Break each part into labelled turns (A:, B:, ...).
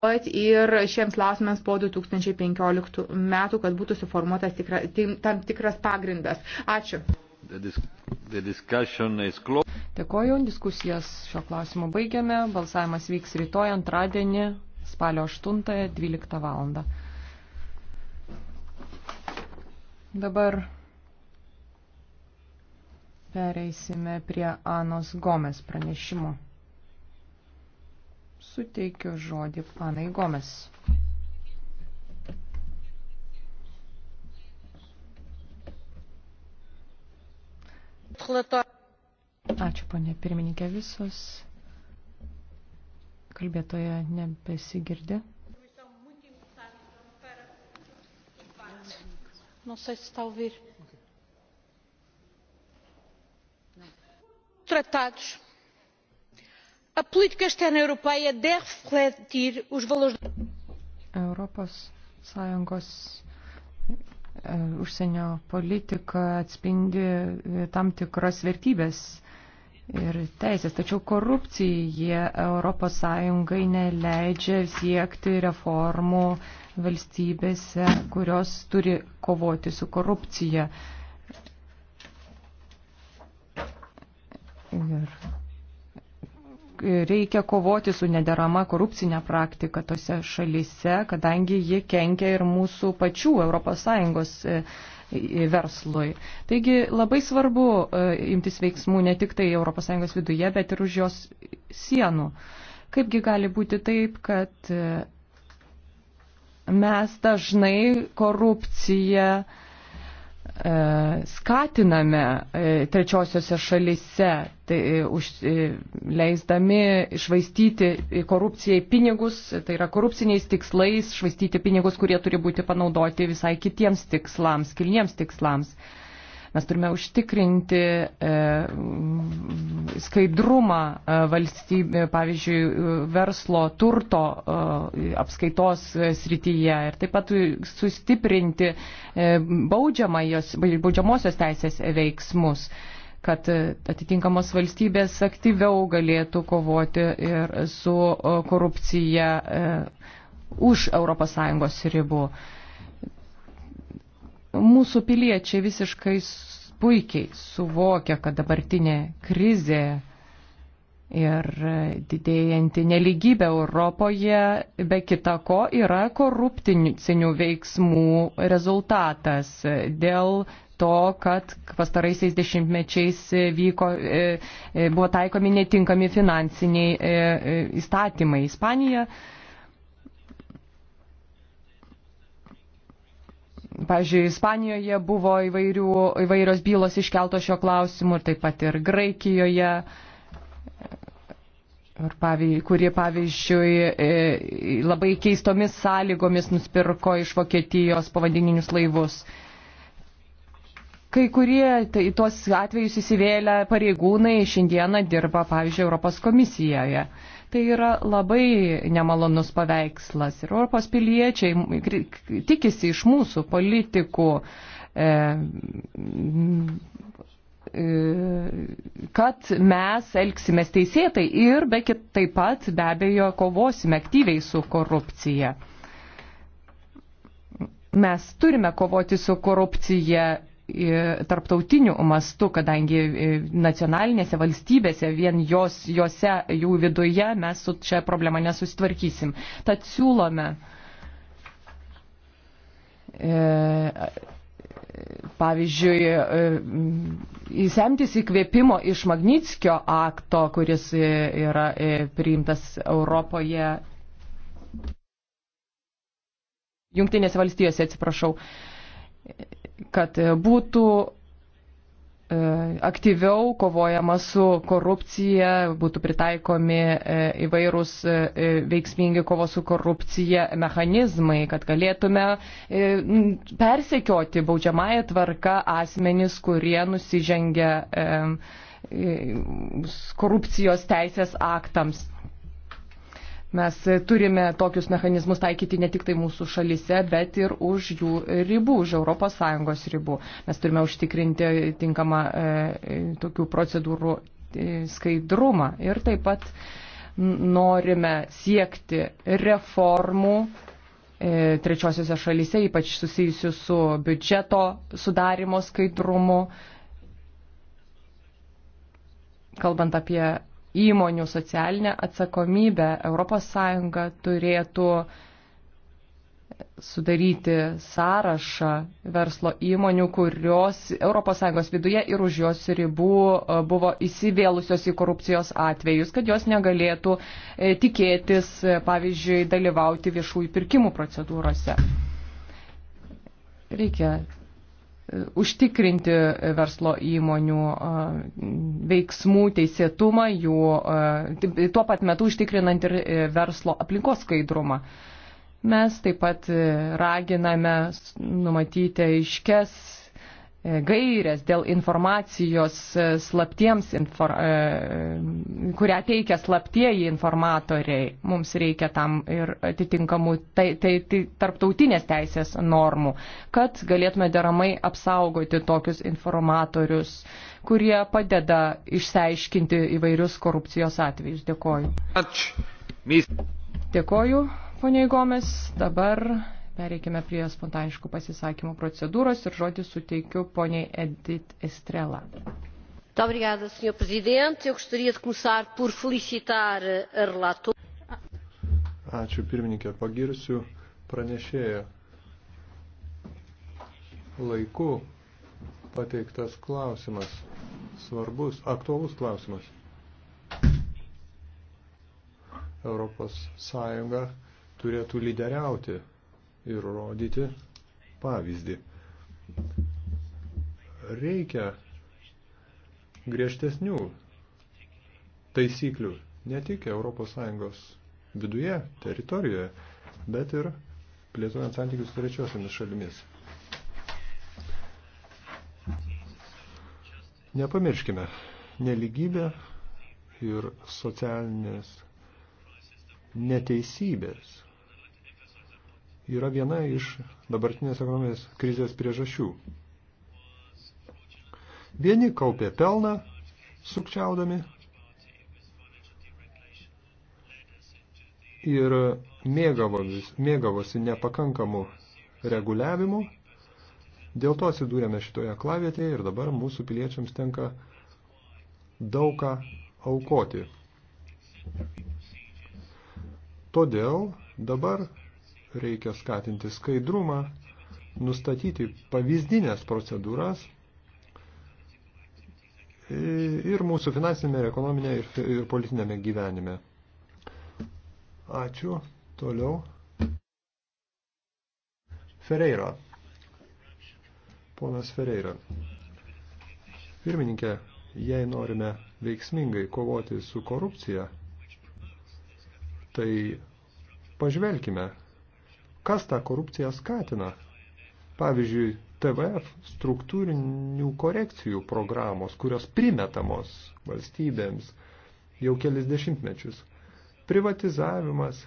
A: pat ir šiems klausimams po 2015 metų, kad būtų suformuotas tikra, tam tikras pagrindas. Ačiū. Dėkoju, diskusijas šio klausimo baigiame. Balsavimas vyks rytoj antradienį spalio 8.12 val. Dabar pereisime prie Anos Gomes pranešimo suteikiu žodį panai Gomes. Ačiū, ponė pirmininkė, visos kalbėtoje nebesigirdi. Não nu, sei se está a ouvir. Tratados A política externa europeia deve refletir os valores. Europos Sąjungos e, užsienio politika atspindi e, tam tikras vertybės ir teisės. Tačiau korupcija Europos Sąjungai neleidžia siekti reformų valstybėse, kurios turi kovoti su korupcija. Ir reikia kovoti su nederama korupcinė praktika tose šalise, kadangi ji kenkia ir mūsų pačių ES e, verslui. Taigi labai svarbu e, imtis veiksmų ne tik tai ES viduje, bet ir už jos sienų. Kaipgi gali būti taip, kad e, mes dažnai korupciją E, skatiname e, trečiosiose šalise, tai e, už, leisdami išvaistyti korupcijai pinigus, tai yra korupciniais tikslais, švaistyti pinigus, kurie turi būti panaudoti visai kitiems tikslams, kilniems tikslams. Mes turime užtikrinti e, skaidrumą e, valstybė, e, pavyzdžiui, verslo turto apskaitos srityje ir taip pat sustiprinti baudžiamosios teisės veiksmus kad atitinkamos valstybės aktyviau galėtų kovoti ir su korupcija už ES ribų mūsų piliečiai visiškai puikiai suvokia, kad dabartinė krizė Ir didėjanti neligybė Europoje, be kita ko, yra korupcinių veiksmų rezultatas dėl to, kad pastaraisiais dešimtmečiais vyko, e, e, buvo taikomi netinkami finansiniai e, įstatymai. Ispanija Pavyzdžiui, Ispanijoje buvo įvairių, įvairios bylos iškeltos šio klausimu ir taip pat ir Graikijoje, ir pavyzdžiui, kuri e, pavyzdžiui labai keistomis sąlygomis nusipirko iš Vokietijos povandeninius laivus. Kai kurie tai, tuos atvejus įsivėlę pareigūnai šiandieną dirba, pavyzdžiui, Europos komisijoje. Ja Tai yra labai nemalonus paveikslas ir Europos piliečiai tikisi iš mūsų politikų e, e, kad mes elgsimės teisėtai ir be kit, taip pat be abejo kovosime aktyviai su korupcija. Mes turime kovoti su korupcija tarptautiniu mastu, kadangi e, nacionalinėse valstybėse, vien jos, jose, jų viduje mes su čia problema nesusitvarkysim. Tad siūlome e, pavyzdžiui, įsemtis e, įkvėpimo iš Magnitskio akto, kuris yra priimtas Europoje. Jungtinėse valstijose, atsiprašau kad e, būtų e, aktyviau kovojama su korupcija, būtų pritaikomi e, įvairūs veiksmingi kovo su korupcija mechanizmai, kad galėtume persekioti baudžiamąją tvarką asmenis, kurie nusižengia korupcijos teisės aktams. Mes turime tokius mechanizmus taikyti ne tik tai mūsų šalise, bet ir už jų ribų, už ES ribų. Mes turime užtikrinti tinkamą e, tokių procedūrų e, skaidrumą ir taip pat norime siekti reformų e, trečiosiuose šalyse, ypač susijusių su biudžeto sudarimo skaidrumu. Kalbant apie įmonių socialinę atsakomybę ES turėtų sudaryti sąrašą verslo įmonių, kurios ES viduje ir už jos ribų e, buvo įsivėlusios į korupcijos atvejus, kad jos negalėtų e, tikėtis, e, pavyzdžiui, dalyvauti viešųjų pirkimų procedūrose. Reikia užtikrinti verslo įmonių veiksmų teisėtumą, jų, tuo pat metu užtikrinant ir e, verslo aplinkos skaidrumą. Mes taip pat e, raginame numatyti aiškes E, gairės dėl informacijos e, slaptiems, infor, e, kurią teikia slaptieji informatoriai. Mums reikia tam ir atitinkamų tai, tai, tai, tarptautinės teisės normų, kad galėtume deramai apsaugoti tokius informatorius, kurie padeda išsiaiškinti įvairius korupcijos atvejus. Dėkoju. Dėkoju, poniai Gomes. Dabar Pereikime prie spontaniškų pasisakymų procedūros ir žodį suteikiu poniai Edith Estrela.
B: Obrigada, Sr. Presidente. Eu
A: gostaria de começar por felicitar a relator.
B: Ačiū pirmininkė, pagirsiu pranešėją. Laiku pateiktas klausimas, svarbus, aktualus klausimas. Europos Sąjunga turėtų lyderiauti ir rodyti pavyzdį. Reikia griežtesnių taisyklių ne tik ES viduje, teritorijoje, bet ir plėtojant santykius trečiosiomis šalimis. Nepamirškime, neligybė ir socialinės neteisybės yra viena iš dabartinės ekonominės krizės priežasčių. Vieni kaupė pelną, sukčiaudami, ir mėgavosi, mėgavosi nepakankamu reguliavimu, dėl to atsidūrėme šitoje klavietėje ir dabar mūsų piliečiams tenka daugą aukoti. Todėl dabar reikia skatinti skaidrumą, nustatyti pavyzdinės procedūras ir mūsų finansinėme, ekonominė ir, ir politinėme gyvenime. Ačiū. Toliau. Ferreira. Ponas Ferreira. Pirmininkė, jei norime veiksmingai kovoti su korupcija, tai pažvelkime, kas tą korupciją skatina. Pavyzdžiui, TVF struktūrinių korekcijų programos, kurios primetamos valstybėms jau kelis dešimtmečius. Privatizavimas,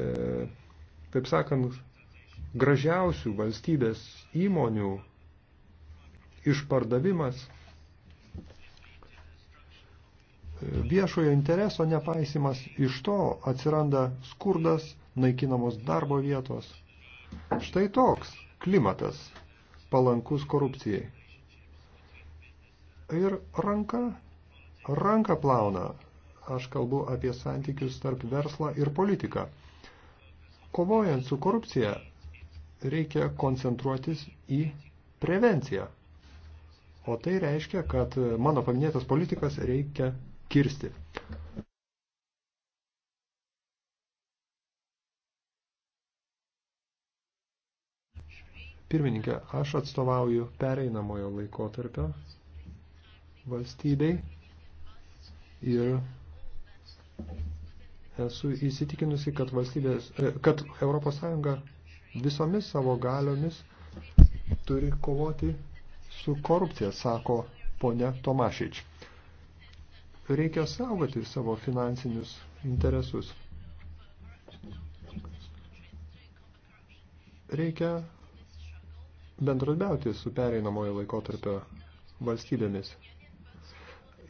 B: e, taip sakant, gražiausių valstybės įmonių išpardavimas, e, viešojo intereso nepaisimas, iš to atsiranda skurdas, naikinamos darbo vietos. Štai toks klimatas palankus korupcijai. Ir ranka, ranka plauna. Aš kalbu apie santykius tarp verslą ir politiką. Kovojant su korupcija reikia koncentruotis į prevenciją. O tai reiškia, kad mano paminėtas politikas reikia kirsti. Pirmininkė, aš atstovauju pereinamojo laikotarpio valstybei ir esu įsitikinusi, kad, valstybės, e, kad Europos Sąjunga visomis savo galiomis turi kovoti su korupcija, sako ponia Tomašič. Reikia saugoti savo finansinius interesus. Reikia bendradarbiauti su pereinamojo laikotarpio valstybėmis.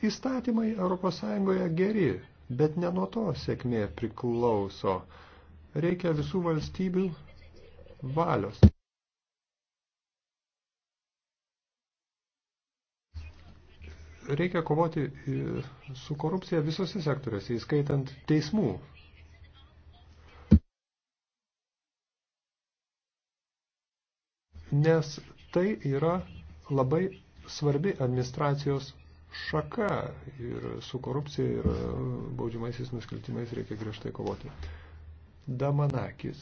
B: Įstatymai ES geri, bet ne nuo to sėkmė priklauso. Reikia visų valstybių valios. Reikia kovoti e, su korupcija visose sektoriuose, įskaitant teismų nes tai yra labai svarbi administracijos šaka ir su korupcija ir e, baudžiamaisiais nusikaltimais reikia griežtai kovoti. Damanakis.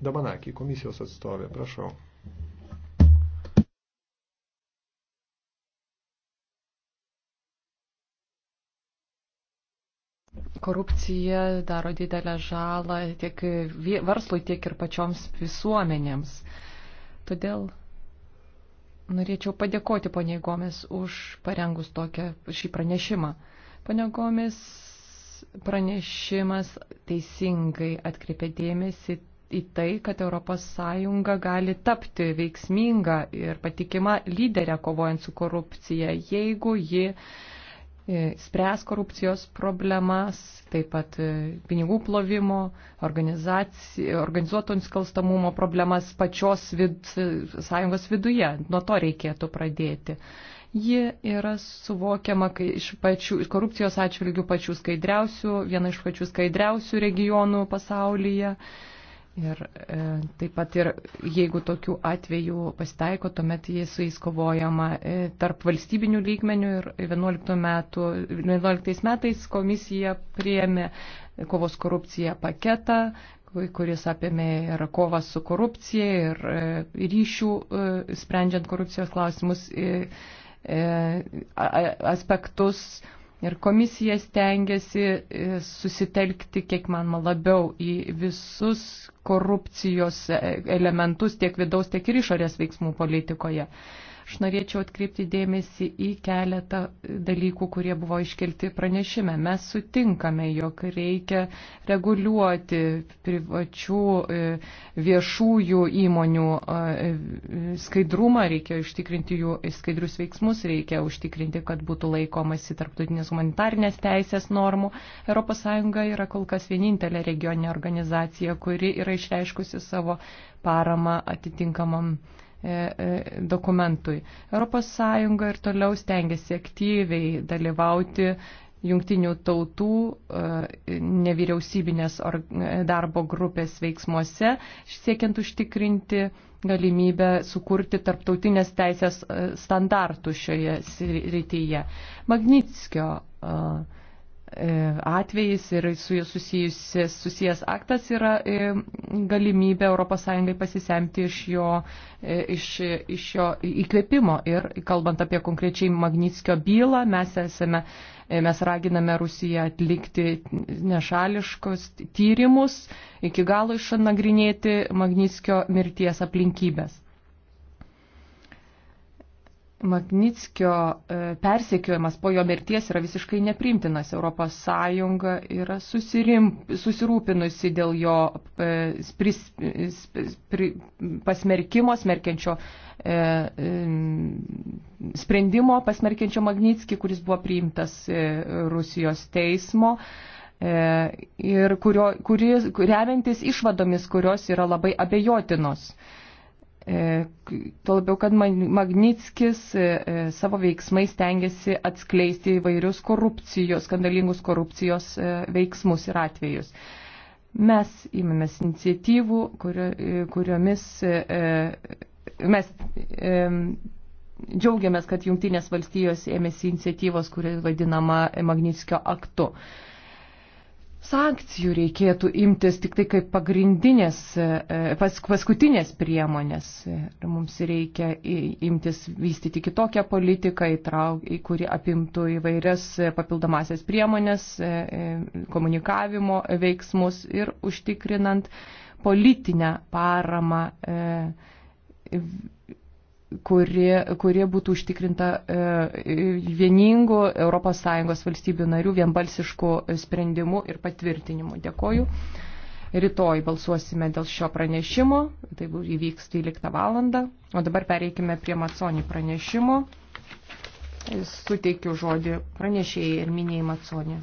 B: Damanakį, komisijos atstovė, prašau.
A: Korupcija daro didelę žalą tiek verslui, tiek ir pačioms visuomenėms. Todėl norėčiau padėkoti poniai Gomis už parengus tokią šį pranešimą. Pane Gomis pranešimas teisingai atkreipė dėmesį į tai, kad ES gali tapti veiksminga ir patikima lyderė kovojant su korupcija, jeigu ji uh, E, spręs korupcijos problemas, taip pat e, pinigų plovimo, organizuoto nusikalstamumo problemas pačios vid, sąjungos viduje. Nuo to reikėtų pradėti. Ji yra suvokiama iš pačių, korupcijos atžvilgių pačių skaidriausių, viena iš pačių skaidriausių regionų pasaulyje. E, Ir e, taip pat ir jeigu tokių atvejų pasitaiko, tuomet jie su jais kovojama e, tarp valstybinių lygmenių ir 11, metų, 11 metais komisija priėmė kovos korupciją paketą, kuris apėmė ir kovą su korupcija ir e, ryšių e, sprendžiant korupcijos klausimus e, e, aspektus. E, Ir komisija stengiasi e, susitelkti, kiek manoma, labiau į visus korupcijos e, elementus tiek vidaus, tiek ir išorės veiksmų politikoje. Aš norėčiau atkreipti dėmesį į keletą dalykų, kurie buvo iškelti pranešime. Mes sutinkame, jog reikia reguliuoti privačių e, viešųjų įmonių e, skaidrumą, reikia užtikrinti jų skaidrius veiksmus, reikia užtikrinti, kad būtų laikomasi tarptautinės humanitarnės teisės normų. ES yra kol kas vienintelė regioninė organizacija, kuri yra išreiškusi savo paramą atitinkamam E, e, dokumentui. ES ir toliau stengiasi aktyviai dalyvauti jungtinių tautų e, nevyriausybinės darbo grupės veiksmuose, siekiant užtikrinti galimybę sukurti tarptautinės teisės standartų šioje srityje. Magnitskio uh, E, atvejais ir su jais susijęs, susijęs aktas yra e, galimybė ES pasisemti iš jo, e, iš, iš jo įkvėpimo. Ir kalbant apie konkrečiai Magnitskio bylą, mes, esame, mes raginame Rusiją atlikti nešališkus tyrimus, iki galo išanagrinėti Magnitskio mirties aplinkybės. Magnitskio e, persekiojimas po jo mirties yra visiškai neprimtinas. Europos Sąjunga yra susirim, susirūpinusi dėl jo e, spris, spri, pasmerkimo, smerkiančio e, e, sprendimo, pasmerkiančio Magnitskį, kuris buvo priimtas Rusijos teismo ir kurio, kuris, remiantis išvadomis, kurios yra labai abejotinos. E, E, tuo labiau, kad Magnitskis e, e, savo veiksmais tengiasi atskleisti įvairius korupcijos, skandalingus korupcijos veiksmus ir atvejus. Mes imamės iniciatyvų, kurio, kuriomis mes džiaugiamės, kad Junktinės valstijos ėmėsi iniciatyvos, kuri vadinama Magnitskio aktu sankcijų reikėtų imtis tik tai kaip pagrindinės, e, e, pas, paskutinės priemonės. Ir mums reikia imtis vystyti kitokią politiką, įtrauk, kuri apimtų įvairias papildomasias priemonės, e, komunikavimo veiksmus ir užtikrinant politinę paramą kurie, kurie būtų užtikrinta e, vieningų ES valstybių narių vienbalsiškų sprendimų ir patvirtinimų. Dėkoju. Rytoj balsuosime dėl šio pranešimo, tai įvyks 13 valandą. O dabar pereikime prie Matsonį pranešimo. Suteikiu žodį pranešėjai ir minėjai Matsonį.